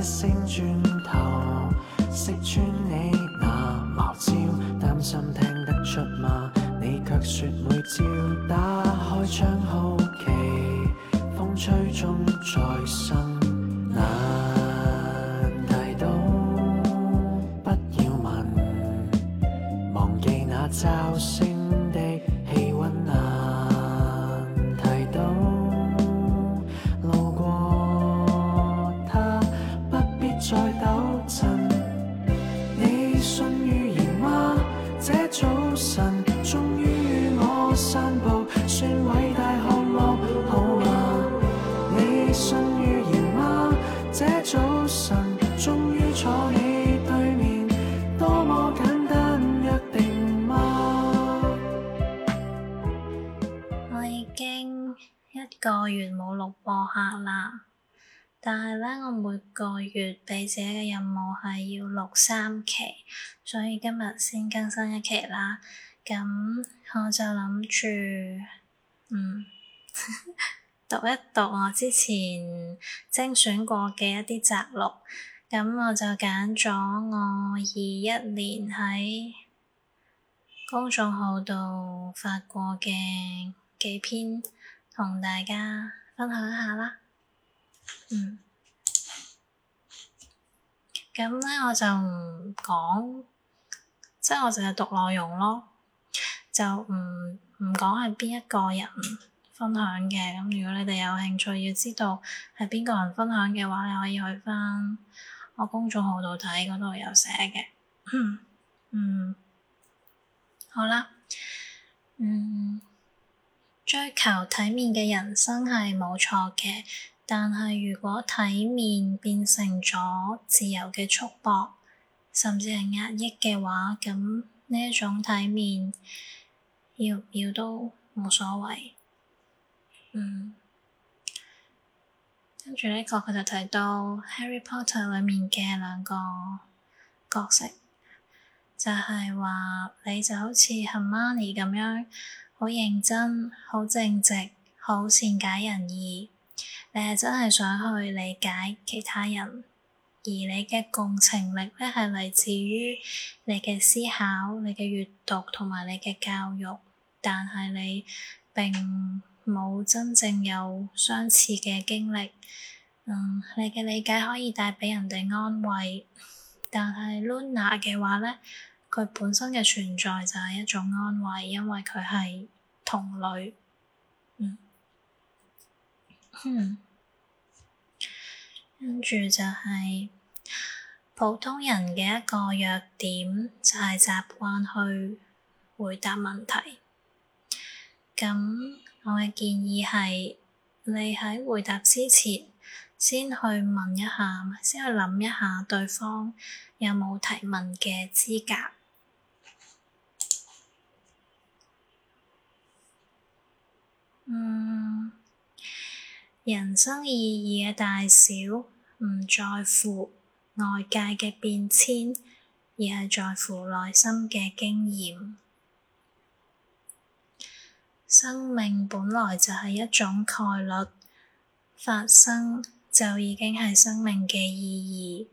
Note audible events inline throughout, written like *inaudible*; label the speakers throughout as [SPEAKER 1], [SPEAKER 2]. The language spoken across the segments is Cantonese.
[SPEAKER 1] 一聲轉頭，識穿你那妙招，擔心聽得出嗎？你卻說。
[SPEAKER 2] 一個月冇錄播客啦，但係咧，我每個月畀自己嘅任務係要錄三期，所以今日先更新一期啦。咁我就諗住，嗯， *laughs* 讀一讀我之前精選過嘅一啲摘錄。咁我就揀咗我二一年喺公眾號度發過嘅幾篇。同大家分享一下啦，嗯，咁咧我就唔講，即係我淨係讀內容咯，就唔唔講係邊一個人分享嘅。咁如果你哋有興趣要知道係邊個人分享嘅話，你可以去翻我公眾號度睇，嗰度有寫嘅。嗯，好啦，嗯。追求體面嘅人生係冇錯嘅，但係如果體面變成咗自由嘅束縛，甚至係壓抑嘅話，咁呢一種體面要唔要都冇所謂。嗯，跟住呢個佢就提到《Harry Potter》裏面嘅兩個角色，就係、是、話你就好似 Hermione 咁樣，好認真，好正直，好善解人意。你係真係想去理解其他人，而你嘅共情力咧係嚟自於你嘅思考、你嘅閱讀同埋你嘅教育。但係你並冇真正有相似嘅經歷。嗯，你嘅理解可以帶畀人哋安慰，但係 Luna 嘅話咧。佢本身嘅存在就係一種安慰，因為佢係同類。嗯，哼、嗯，跟住就係、是、普通人嘅一個弱點就係習慣去回答問題。咁我嘅建議係你喺回答之前，先去問一下，先去諗一下對方有冇提問嘅資格。嗯，人生意義嘅大小唔在乎外界嘅變遷，而係在乎內心嘅經驗。生命本來就係一種概率，發生就已經係生命嘅意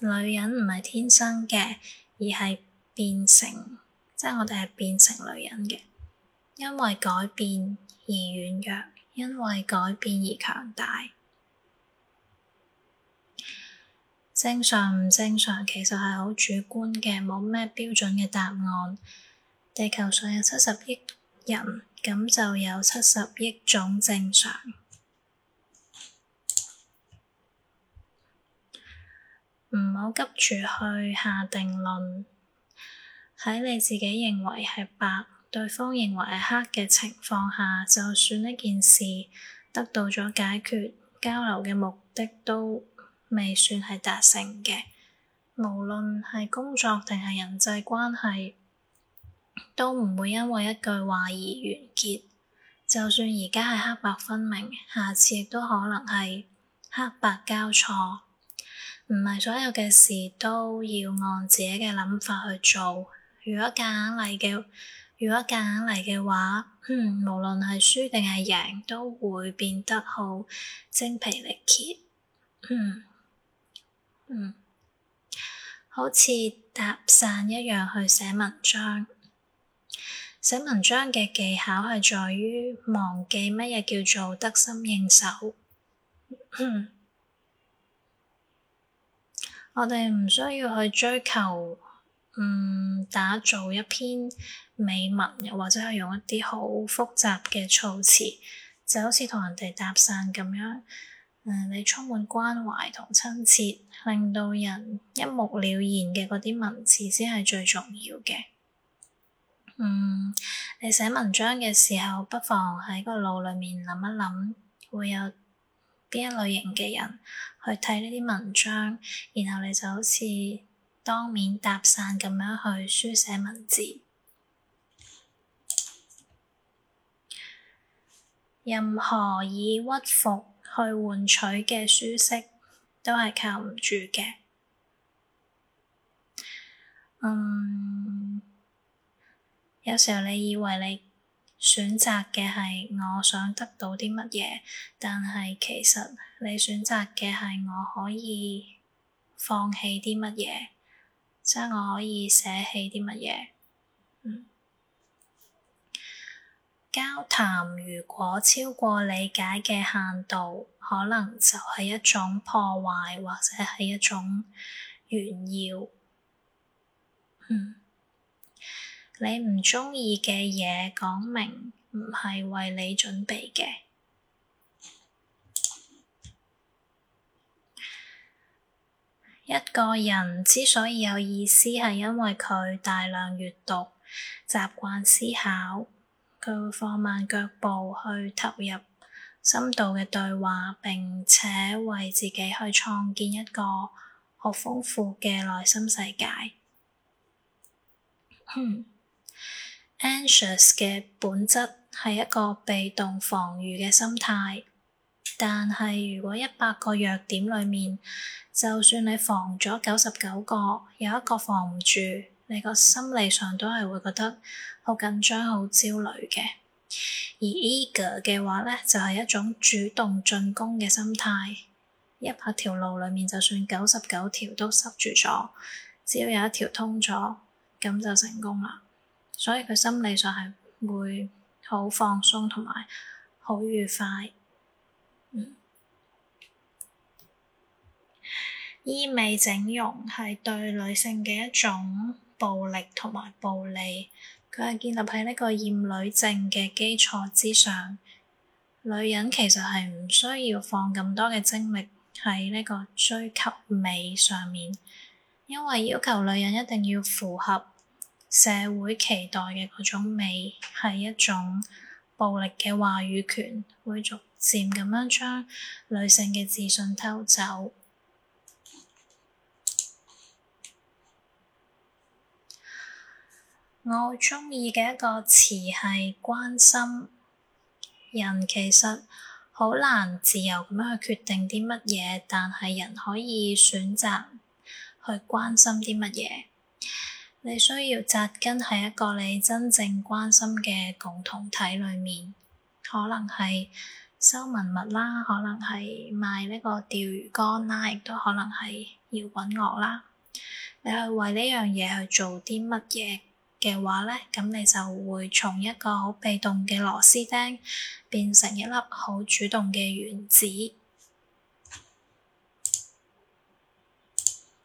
[SPEAKER 2] 義。女人唔係天生嘅，而係變成，即係我哋係變成女人嘅。因為改變而軟弱，因為改變而強大。正常唔正常，其實係好主觀嘅，冇咩標準嘅答案。地球上有七十億人，咁就有七十億種正常。唔好急住去下定論，喺你自己認為係白。對方認為係黑嘅情況下，就算一件事得到咗解決，交流嘅目的都未算係達成嘅。無論係工作定係人際關係，都唔會因為一句話而完結。就算而家係黑白分明，下次亦都可能係黑白交錯。唔係所有嘅事都要按自己嘅諗法去做。如果夾硬嚟嘅。如果夾硬嚟嘅話，嗯，無論係輸定係贏，都會變得好精疲力竭。嗯，嗯，好似搭散一樣去寫文章。寫文章嘅技巧係在於忘記乜嘢叫做得心應手。 *laughs* 我哋唔需要去追求，嗯，打造一篇，美文，又或者係用一啲好複雜嘅措辭，就好似同人哋搭訕咁樣，誒、嗯，你充滿關懷同親切，令到人一目了然嘅嗰啲文字先係最重要嘅。嗯，你寫文章嘅時候，不妨喺個腦裏面諗一諗會有邊一類型嘅人去睇呢啲文章，然後你就好似當面搭訕咁樣去書寫文字。任何以屈服去換取嘅舒適，都係靠唔住嘅。嗯，有時候你以為你選擇嘅係我想得到啲乜嘢，但係其實你選擇嘅係我可以放棄啲乜嘢，即係我可以捨棄啲乜嘢。嗯交談如果超過理解嘅限度，可能就係一種破壞，或者係一種炫耀。嗯，你唔鍾意嘅嘢，講明唔係為你準備嘅。一個人之所以有意思，係因為佢大量閱讀，習慣思考。佢會放慢腳步去投入深度嘅對話，並且為自己去創建一個好豐富嘅內心世界。哼，anxious 嘅本質係一個被動防禦嘅心態，但係如果一百個弱點裡面，就算你防咗九十九個，有一個防唔住。你個心理上都係會覺得好緊張、好焦慮嘅。而 eager 嘅話咧，就係一種主動進攻嘅心態。一百條路裡面，就算九十九條都塞住咗，只要有一條通咗，咁就成功啦。所以佢心理上係會好放鬆同埋好愉快。嗯，醫美整容係對女性嘅一種暴力同埋暴力，佢係建立喺呢個厭女症嘅基礎之上。女人其實係唔需要放咁多嘅精力喺呢個追求美上面，因為要求女人一定要符合社會期待嘅嗰種美，係一種暴力嘅話語權，會逐漸咁樣將女性嘅自信偷走。我鍾意嘅一個詞係關心。人其實好難自由咁樣去決定啲乜嘢，但係人可以選擇去關心啲乜嘢。你需要紮根喺一個你真正關心嘅共同體裏面，可能係收文物啦，可能係賣呢個釣魚竿啦，亦都可能係搖滾樂啦。你去為呢樣嘢去做啲乜嘢嘅話呢，咁你就會從一個好被動嘅螺絲釘變成一粒好主動嘅原子。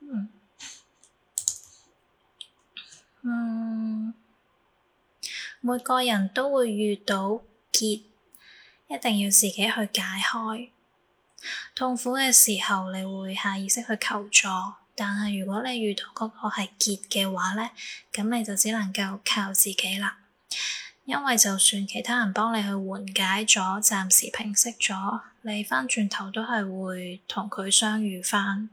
[SPEAKER 2] 嗯，嗯，每個人都會遇到結，一定要自己去解開。痛苦嘅時候，你會下意識去求助。但係如果你遇到嗰個係結嘅話咧，咁你就只能夠靠自己啦，因為就算其他人幫你去緩解咗，暫時平息咗，你翻轉頭都係會同佢相遇翻，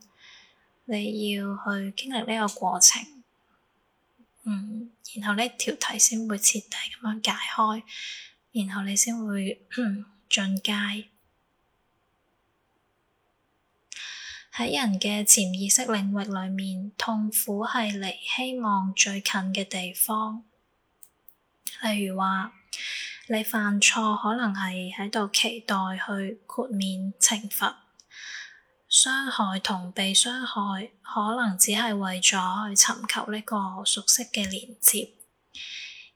[SPEAKER 2] 你要去經歷呢個過程，嗯，然後呢條題先會徹底咁樣解開，然後你先會嗯進階。喺人嘅潛意識領域裏面，痛苦係離希望最近嘅地方。例如話，你犯錯可能係喺度期待去豁免懲罰。傷害同被傷害可能只係為咗去尋求呢個熟悉嘅連接。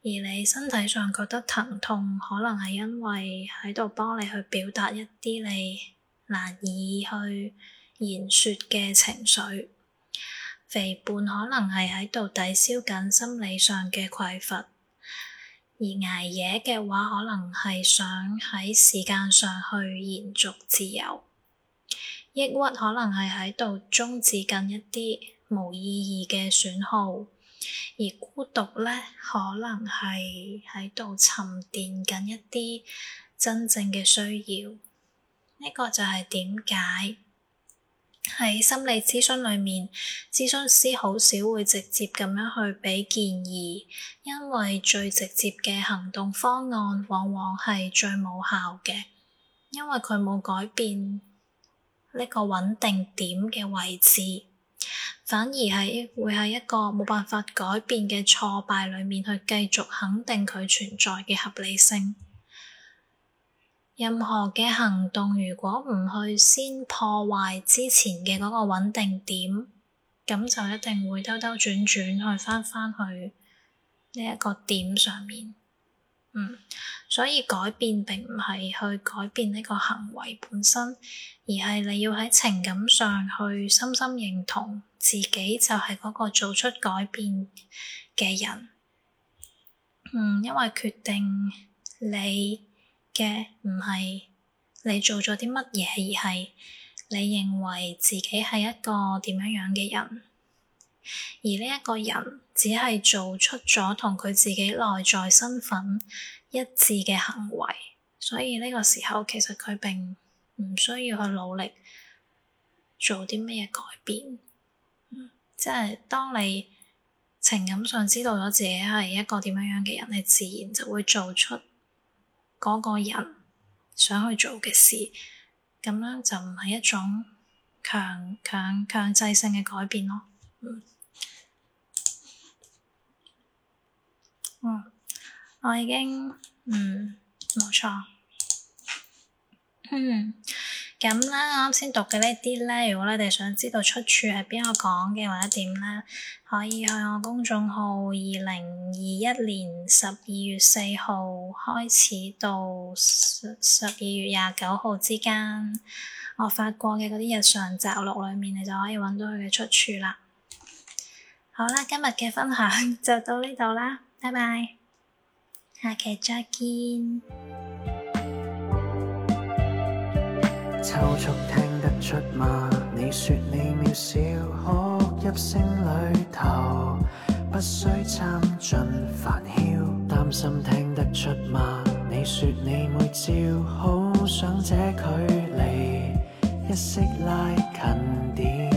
[SPEAKER 2] 而你身體上覺得疼痛，可能係因為喺度幫你去表達一啲你難以去。言說嘅情緒，肥胖可能係喺度抵消緊心理上嘅匱乏，而捱夜嘅話可能係想喺時間上去延續自由，抑鬱可能係喺度終止緊一啲無意義嘅損耗，而孤獨咧可能係喺度沉澱緊一啲真正嘅需要。呢個就係點解。喺心理諮詢裏面，諮詢師好少會直接咁樣去俾建議，因為最直接嘅行動方案往往係最冇效嘅，因為佢冇改變呢個穩定點嘅位置，反而係會喺一個冇辦法改變嘅挫敗裏面去繼續肯定佢存在嘅合理性。任何嘅行動，如果唔去先破壞之前嘅嗰個穩定點，咁就一定會兜兜轉轉去返返去呢一個點上面。嗯，所以改變並唔係去改變呢個行為本身，而係你要喺情感上去深深認同自己就係嗰個做出改變嘅人。嗯，因為決定你。嘅唔係你做咗啲乜嘢，而係你認為自己係一個點樣樣嘅人，而呢一個人只係做出咗同佢自己內在身份一致嘅行為，所以呢個時候其實佢並唔需要去努力做啲乜嘢改變。嗯，即係當你情感上知道咗自己係一個點樣樣嘅人，你自然就會做出。嗰個人想去做嘅事，咁樣就唔係一種強強強制性嘅改變咯。嗯，我已經，嗯，冇錯。嗯。 *laughs* 咁啦，我啱先讀嘅呢啲咧，如果你哋想知道出處係邊個講嘅或者點咧，可以去我公眾號二零二一年十二月四號開始到十二月廿九號之間，我發過嘅嗰啲日常摘錄裏面，你就可以揾到佢嘅出處啦。好啦，今日嘅分享就到呢度啦，拜拜，下期再見。
[SPEAKER 1] 抽搐聽得出嗎？你說你渺小，哭泣聲裏頭，不需參進煩囂，擔心聽得出嗎？你說你每朝，好想這距離，一息拉近點。